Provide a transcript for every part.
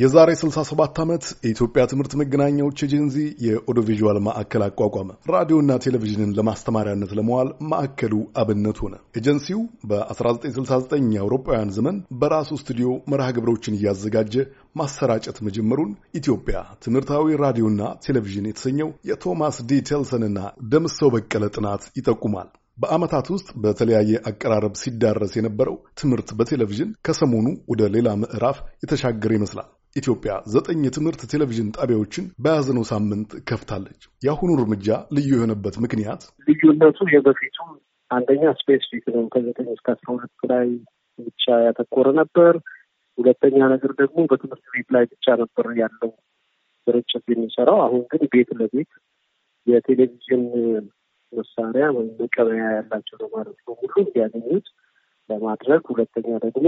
የዛሬ 67 ዓመት የኢትዮጵያ ትምህርት መገናኛዎች ኤጀንሲ የኦዲዮቪዥዋል ማዕከል አቋቋመ። ራዲዮና ቴሌቪዥንን ለማስተማሪያነት ለመዋል ማዕከሉ አብነት ሆነ። ኤጀንሲው በ1969 የአውሮፓውያን ዘመን በራሱ ስቱዲዮ መርሃ ግብሮችን እያዘጋጀ ማሰራጨት መጀመሩን ኢትዮጵያ ትምህርታዊ ራዲዮና ቴሌቪዥን የተሰኘው የቶማስ ዲ ቴልሰንና ደምሰው በቀለ ጥናት ይጠቁማል። በዓመታት ውስጥ በተለያየ አቀራረብ ሲዳረስ የነበረው ትምህርት በቴሌቪዥን ከሰሞኑ ወደ ሌላ ምዕራፍ የተሻገረ ይመስላል። ኢትዮጵያ ዘጠኝ የትምህርት ቴሌቪዥን ጣቢያዎችን በያዝነው ሳምንት ከፍታለች። የአሁኑ እርምጃ ልዩ የሆነበት ምክንያት ልዩነቱ የበፊቱ አንደኛ ስፔሲፊክ ነው። ከዘጠኝ እስከ አስራ ሁለት ላይ ብቻ ያተኮረ ነበር። ሁለተኛ ነገር ደግሞ በትምህርት ቤት ላይ ብቻ ነበር ያለው ስርጭት የሚሰራው። አሁን ግን ቤት ለቤት የቴሌቪዥን መሳሪያ ወይም መቀበያ ያላቸው ነው ሁሉ እንዲያገኙት ለማድረግ ሁለተኛ ደግሞ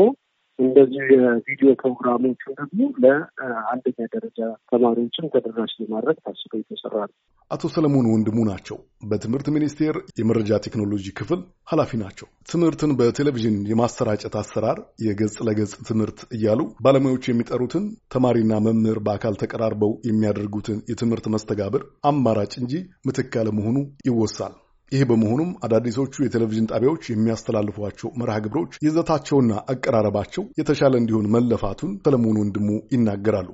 እንደዚህ የቪዲዮ ፕሮግራሞቹን ደግሞ ለአንደኛ ደረጃ ተማሪዎችን ተደራሽ ለማድረግ ታስቦ የተሰራ ነው። አቶ ሰለሞን ወንድሙ ናቸው። በትምህርት ሚኒስቴር የመረጃ ቴክኖሎጂ ክፍል ኃላፊ ናቸው። ትምህርትን በቴሌቪዥን የማሰራጨት አሰራር የገጽ ለገጽ ትምህርት እያሉ ባለሙያዎች የሚጠሩትን ተማሪና መምህር በአካል ተቀራርበው የሚያደርጉትን የትምህርት መስተጋብር አማራጭ እንጂ ምትክ ያለመሆኑ ይወሳል። ይህ በመሆኑም አዳዲሶቹ የቴሌቪዥን ጣቢያዎች የሚያስተላልፏቸው መርሃ ግብሮች ይዘታቸውና አቀራረባቸው የተሻለ እንዲሆን መለፋቱን ሰለሞን ወንድሙ ይናገራሉ።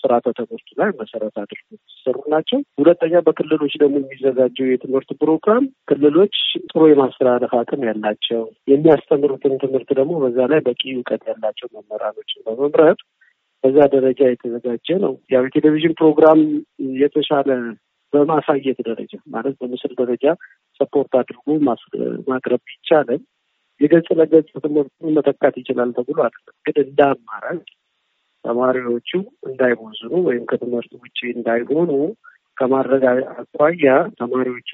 ስርዓተ ትምህርቱ ላይ መሰረት አድርጎ ሰሩ ናቸው። ሁለተኛ በክልሎች ደግሞ የሚዘጋጀው የትምህርት ፕሮግራም ክልሎች ጥሩ የማስተላለፍ አቅም ያላቸው የሚያስተምሩትን ትምህርት ደግሞ በዛ ላይ በቂ እውቀት ያላቸው መምህራኖችን በመምረጥ በዛ ደረጃ የተዘጋጀ ነው። ያው የቴሌቪዥን ፕሮግራም የተሻለ በማሳየት ደረጃ ማለት በምስል ደረጃ ሰፖርት አድርጎ ማቅረብ ቢቻልም የገጽ ለገጽ ትምህርቱን መተካት ይችላል ተብሎ አይደለም። ግን እንደ አማራጭ ተማሪዎቹ እንዳይቦዝኑ ወይም ከትምህርቱ ውጭ እንዳይሆኑ ከማድረግ አኳያ ተማሪዎቹ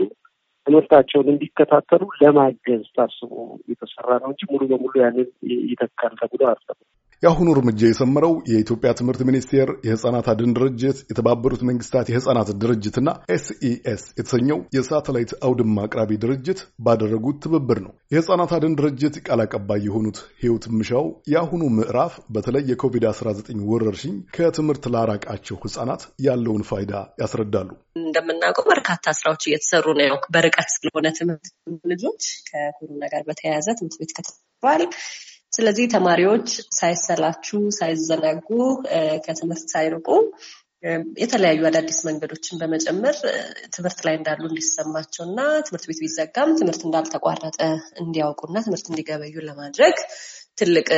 ትምህርታቸውን እንዲከታተሉ ለማገዝ ታስቦ የተሰራ ነው እንጂ ሙሉ በሙሉ ያንን ይተካል ተብሎ አይደለም። የአሁኑ እርምጃ የሰመረው የኢትዮጵያ ትምህርት ሚኒስቴር፣ የህፃናት አድን ድርጅት፣ የተባበሩት መንግስታት የህፃናት ድርጅትና ኤስኢኤስ የተሰኘው የሳተላይት አውድማ አቅራቢ ድርጅት ባደረጉት ትብብር ነው። የህፃናት አድን ድርጅት ቃል አቀባይ የሆኑት ህይወት ምሻው የአሁኑ ምዕራፍ በተለይ የኮቪድ-19 ወረርሽኝ ከትምህርት ላራቃቸው ህፃናት ያለውን ፋይዳ ያስረዳሉ። እንደምናውቀው በርካታ ስራዎች እየተሰሩ ነው። በርቀት ስለሆነ ትምህርት ልጆች ከኮሮና ጋር በተያያዘ ትምህርት ቤት ከተባል ስለዚህ ተማሪዎች ሳይሰላችሁ፣ ሳይዘናጉ፣ ከትምህርት ሳይርቁ የተለያዩ አዳዲስ መንገዶችን በመጨመር ትምህርት ላይ እንዳሉ እንዲሰማቸው እና ትምህርት ቤት ቢዘጋም ትምህርት እንዳልተቋረጠ እንዲያውቁና ትምህርት እንዲገበዩ ለማድረግ ትልቅ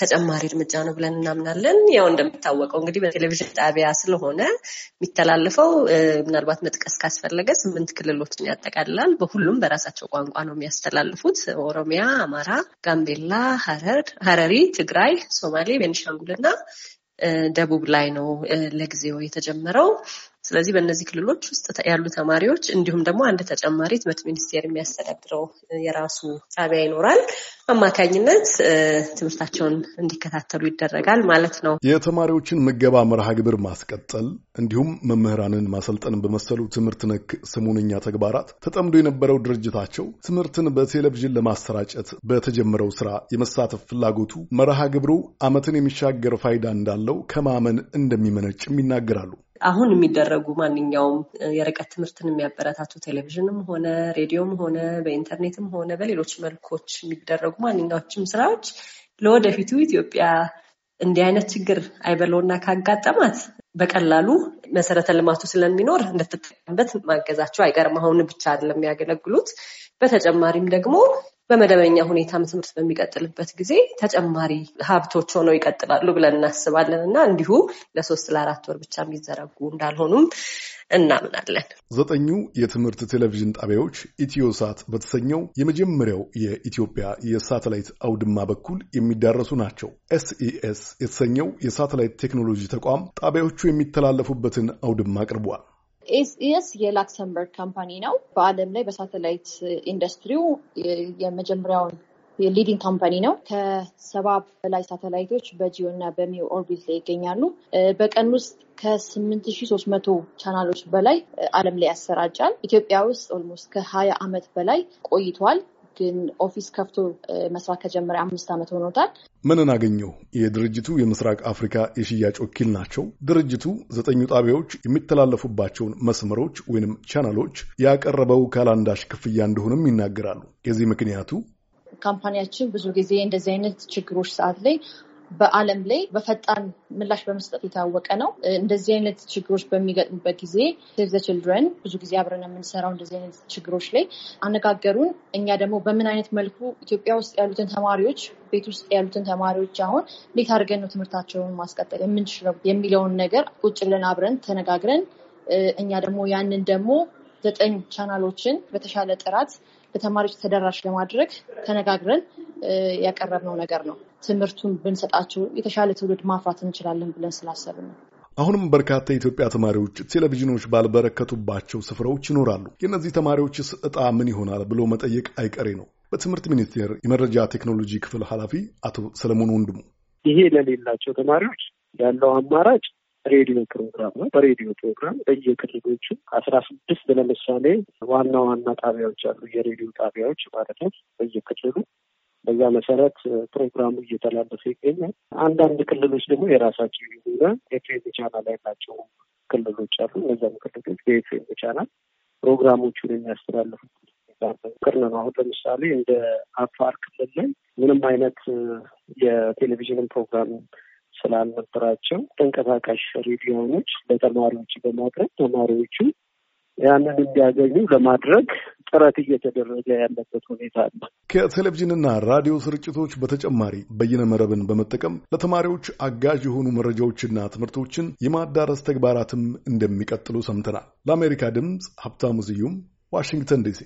ተጨማሪ እርምጃ ነው ብለን እናምናለን። ያው እንደሚታወቀው እንግዲህ በቴሌቪዥን ጣቢያ ስለሆነ የሚተላለፈው ምናልባት መጥቀስ ካስፈለገ ስምንት ክልሎችን ያጠቃልላል። በሁሉም በራሳቸው ቋንቋ ነው የሚያስተላልፉት። ኦሮሚያ፣ አማራ፣ ጋምቤላ፣ ሀረሪ፣ ትግራይ፣ ሶማሌ፣ ቤኒሻንጉልና ደቡብ ላይ ነው ለጊዜው የተጀመረው። ስለዚህ በእነዚህ ክልሎች ውስጥ ያሉ ተማሪዎች እንዲሁም ደግሞ አንድ ተጨማሪ ትምህርት ሚኒስቴር የሚያስተዳድረው የራሱ ጣቢያ ይኖራል አማካኝነት ትምህርታቸውን እንዲከታተሉ ይደረጋል ማለት ነው። የተማሪዎችን ምገባ መርሃ ግብር ማስቀጠል እንዲሁም መምህራንን ማሰልጠን በመሰሉ ትምህርት ነክ ሰሞነኛ ተግባራት ተጠምዶ የነበረው ድርጅታቸው ትምህርትን በቴሌቪዥን ለማሰራጨት በተጀመረው ስራ የመሳተፍ ፍላጎቱ መርሃ ግብሩ ዓመትን የሚሻገር ፋይዳ እንዳለው ከማመን እንደሚመነጭም ይናገራሉ። አሁን የሚደረጉ ማንኛውም የርቀት ትምህርትን የሚያበረታቱ ቴሌቪዥንም ሆነ ሬዲዮም ሆነ በኢንተርኔትም ሆነ በሌሎች መልኮች የሚደረጉ ማንኛዎችም ስራዎች ለወደፊቱ ኢትዮጵያ እንዲህ አይነት ችግር አይበለውና ካጋጠማት በቀላሉ መሰረተ ልማቱ ስለሚኖር እንደተጠቀምበት ማገዛቸው አይቀርም። አሁን ብቻ አይደለም የሚያገለግሉት። በተጨማሪም ደግሞ በመደበኛ ሁኔታም ትምህርት በሚቀጥልበት ጊዜ ተጨማሪ ሀብቶች ሆነው ይቀጥላሉ ብለን እናስባለን እና እንዲሁ ለሶስት ለአራት ወር ብቻ የሚዘረጉ እንዳልሆኑም እናምናለን። ዘጠኙ የትምህርት ቴሌቪዥን ጣቢያዎች ኢትዮሳት በተሰኘው የመጀመሪያው የኢትዮጵያ የሳተላይት አውድማ በኩል የሚዳረሱ ናቸው። ኤስኢኤስ የተሰኘው የሳተላይት ቴክኖሎጂ ተቋም ጣቢያዎቹ የሚተላለፉበትን አውድማ አቅርቧል። ኤስኢኤስ የላክሰምበርግ ካምፓኒ ነው። በዓለም ላይ በሳተላይት ኢንዱስትሪው የመጀመሪያውን የሊዲንግ ካምፓኒ ነው። ከሰባ በላይ ሳተላይቶች በጂዮ እና በሚው ኦርቢት ላይ ይገኛሉ። በቀን ውስጥ ከስምንት ሺ ሶስት መቶ ቻናሎች በላይ አለም ላይ ያሰራጫል። ኢትዮጵያ ውስጥ ኦልሞስት ከሀያ አመት በላይ ቆይቷል። ግን ኦፊስ ከፍቶ መስራት ከጀመረ አምስት ዓመት ሆኖታል። ምንን አገኘሁ የድርጅቱ የምስራቅ አፍሪካ የሽያጭ ወኪል ናቸው። ድርጅቱ ዘጠኙ ጣቢያዎች የሚተላለፉባቸውን መስመሮች ወይንም ቻናሎች ያቀረበው ካላንዳሽ ክፍያ እንደሆነም ይናገራሉ። የዚህ ምክንያቱ ካምፓኒያችን ብዙ ጊዜ እንደዚህ አይነት ችግሮች ሰዓት ላይ በዓለም ላይ በፈጣን ምላሽ በመስጠት የታወቀ ነው። እንደዚህ አይነት ችግሮች በሚገጥሙበት ጊዜ ሴቭ ዘ ችልድረን ብዙ ጊዜ አብረን የምንሰራው እንደዚህ አይነት ችግሮች ላይ አነጋገሩን። እኛ ደግሞ በምን አይነት መልኩ ኢትዮጵያ ውስጥ ያሉትን ተማሪዎች ቤት ውስጥ ያሉትን ተማሪዎች አሁን እንዴት አድርገን ነው ትምህርታቸውን ማስቀጠል የምንችለው የሚለውን ነገር ቁጭ ብለን አብረን ተነጋግረን እኛ ደግሞ ያንን ደግሞ ዘጠኝ ቻናሎችን በተሻለ ጥራት ለተማሪዎች ተደራሽ ለማድረግ ተነጋግረን ያቀረብነው ነገር ነው። ትምህርቱን ብንሰጣቸው የተሻለ ትውልድ ማፍራት እንችላለን ብለን ስላሰብን ነው። አሁንም በርካታ የኢትዮጵያ ተማሪዎች ቴሌቪዥኖች ባልበረከቱባቸው ስፍራዎች ይኖራሉ። የእነዚህ ተማሪዎችስ እጣ ምን ይሆናል ብሎ መጠየቅ አይቀሬ ነው። በትምህርት ሚኒስቴር የመረጃ ቴክኖሎጂ ክፍል ኃላፊ አቶ ሰለሞን ወንድሙ ይሄ ለሌላቸው ተማሪዎች ያለው አማራጭ ሬዲዮ ፕሮግራም ነው። በሬዲዮ ፕሮግራም በየክልሎቹ አስራ ስድስት ለምሳሌ ዋና ዋና ጣቢያዎች አሉ፣ የሬዲዮ ጣቢያዎች ማለት ነው። በየክልሉ በዛ መሰረት ፕሮግራሙ እየተላለፈ ይገኛል። አንዳንድ ክልሎች ደግሞ የራሳቸው የሆነ ኤፍኤም ቻናል ያላቸው ክልሎች አሉ። እነዚያም ክልሎች በኤፍኤም ቻናል ፕሮግራሞቹን የሚያስተላልፉበት ምክር ነው። አሁን ለምሳሌ እንደ አፋር ክልል ላይ ምንም አይነት የቴሌቪዥንን ፕሮግራም ስላልነበራቸው ተንቀሳቃሽ ሬዲዮኖች ለተማሪዎች በማቅረብ ተማሪዎቹን ያንን እንዲያገኙ ለማድረግ ጥረት እየተደረገ ያለበት ሁኔታ አለ። ከቴሌቪዥንና ራዲዮ ስርጭቶች በተጨማሪ በይነ መረብን በመጠቀም ለተማሪዎች አጋዥ የሆኑ መረጃዎችና ትምህርቶችን የማዳረስ ተግባራትም እንደሚቀጥሉ ሰምተናል። ለአሜሪካ ድምፅ ሀብታሙ ስዩም ዋሽንግተን ዲሲ